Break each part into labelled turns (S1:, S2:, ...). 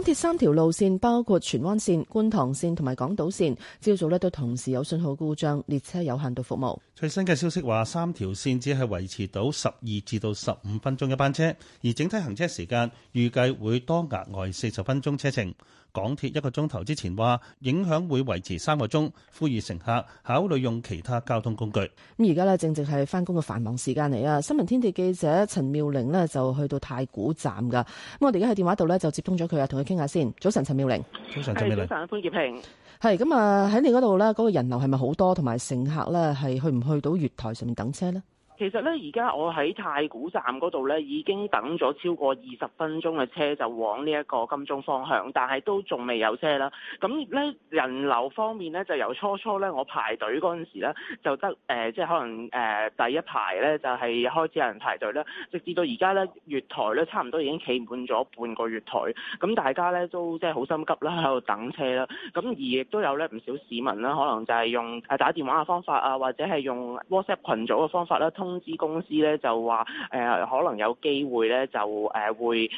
S1: 港鐵三條路綫包括荃灣綫、觀塘綫同埋港島綫，朝早咧都同時有信
S2: 號故障，列車有限度服務。最新嘅消息話，三條綫只係維持到十二至到十五分鐘一班車，而整體行車時間預計會多額外四十分鐘車程。港鐵一個鐘頭之前話影響會維持三個鐘，呼籲乘客考慮用其他交通工具。
S1: 咁而家咧正正係返工嘅繁忙時間嚟啊！新聞天地記者陳妙玲呢就去到太古站噶。咁我哋而家喺電話度咧就接通咗佢啊，同佢傾下先。早晨，陳妙玲。早晨，陳早晨，潘潔平。係咁啊！喺你嗰度咧，嗰個人流係咪好多？同埋乘客咧係去唔去到月台上面等車呢？
S3: 其實咧，而家我喺太古站嗰度咧，已經等咗超過二十分鐘嘅車，就往呢一個金鐘方向，但係都仲未有車啦。咁咧人流方面咧，就由初初咧我排隊嗰陣時咧，就得、呃、即係可能誒、呃、第一排咧就係開始有人排隊啦，直至到而家咧月台咧差唔多已經企滿咗半個月台。咁大家咧都即係好心急啦，喺度等車啦。咁而亦都有咧唔少市民啦，可能就係用打電話嘅方法啊，或者係用 WhatsApp 群組嘅方法啦通公司公司咧就話、呃、可能有機會咧就誒會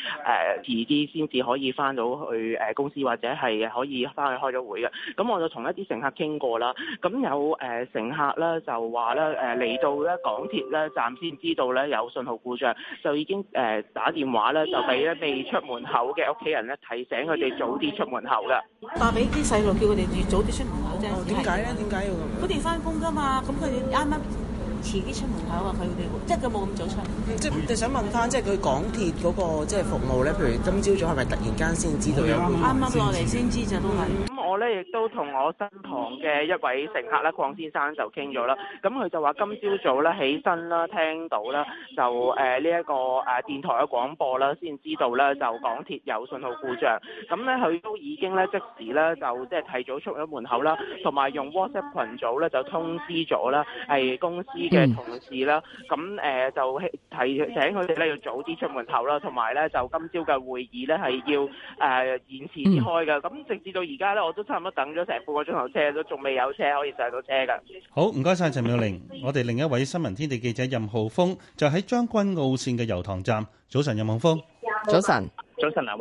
S3: 遲啲先至可以翻到去、呃、公司或者係可以翻去開咗會嘅。咁我就同一啲乘客傾過啦。咁有誒、呃、乘客咧就話咧嚟到咧港鐵咧站先知道咧有信號故障，就已經、呃、打電話咧就俾咧未出門口嘅屋企人咧提醒佢哋早啲出門口啦。打俾啲細路叫佢哋早啲出門口啫。點解咧？點解是？佢哋翻工㗎嘛。咁佢哋啱啱。遲啲出門口啊！佢哋即係佢冇咁早出來。嗯，即係想問翻，即係佢港鐵嗰個即係服務咧，譬如今朝早係咪突然間先知道有啱啱落嚟？先對知道？就都係。嗯我咧亦都同我身旁嘅一位乘客咧，鄺先生就傾咗啦。咁佢就話：今朝早咧起身啦，聽到啦，就誒呢一個誒、呃、電台嘅廣播啦，先知道啦，就港鐵有信號故障。咁咧佢都已經咧即時咧就即係提早出咗門口啦，同埋用 WhatsApp 群組咧就通知咗啦，係公司嘅同事啦。咁誒、嗯呃、就提醒佢哋咧要早啲出門口啦，同埋咧就今朝嘅會議咧係要誒、呃、延遲開嘅。咁直至到而家咧，我。都差唔多等咗成半個鐘頭車，都仲未有車可以上到
S2: 車噶。好，唔該晒，陳妙玲。我哋另一位新聞天地記者任浩鋒就喺、是、將軍澳線嘅油塘站。早晨，任浩鋒。早晨，早晨、啊，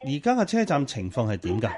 S2: 黎偉。而家嘅車站情況係點㗎？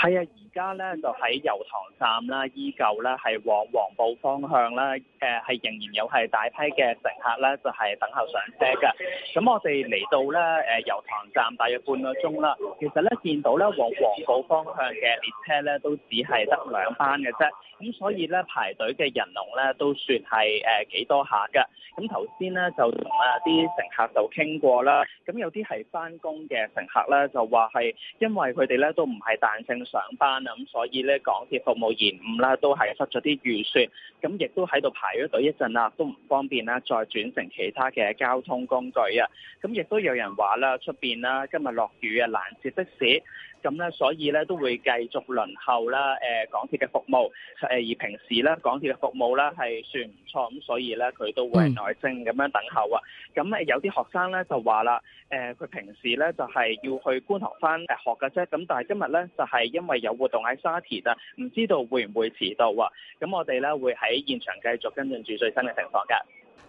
S2: 係啊。
S4: 而家咧就喺油塘站啦，依舊咧係往黃埔方向啦，誒、呃，係仍然有係大批嘅乘客咧，就係等候上車噶。咁我哋嚟到咧，誒，油塘站，大約半個鐘啦。其實咧見到咧往黃埔方向嘅列車咧，都只係得兩班嘅啫。咁所以咧排隊嘅人龍咧都算係誒幾多下噶。咁頭先咧就同啊啲乘客就傾過啦。咁有啲係翻工嘅乘客咧，就話係因為佢哋咧都唔係彈性上班。咁所以咧，港鐵服務延誤啦，都係失咗啲預算，咁亦都喺度排咗隊一陣啦，都唔方便啦，再轉乘其他嘅交通工具啊，咁亦都有人話啦，出面啦，今日落雨啊，難截的士。咁咧，所以咧都會繼續輪候啦。誒，港鐵嘅服務誒，而平時咧港鐵嘅服務咧係算唔錯，咁所以咧佢都會耐性咁樣等候啊。咁誒、嗯、有啲學生咧就話啦，誒佢平時咧就係要去觀塘翻誒學嘅啫，咁但係今日咧就係因為有活動喺沙田啊，唔知道會唔會遲到啊？咁我哋咧會喺現場繼續跟進住最新嘅情況嘅。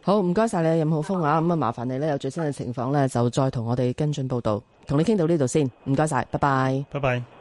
S1: 好，唔該晒你啊，任浩鋒啊，咁啊，麻煩你咧有最新嘅情況咧就再同我哋跟進報導。同你傾到呢度先，唔該晒，拜拜。
S4: 拜拜。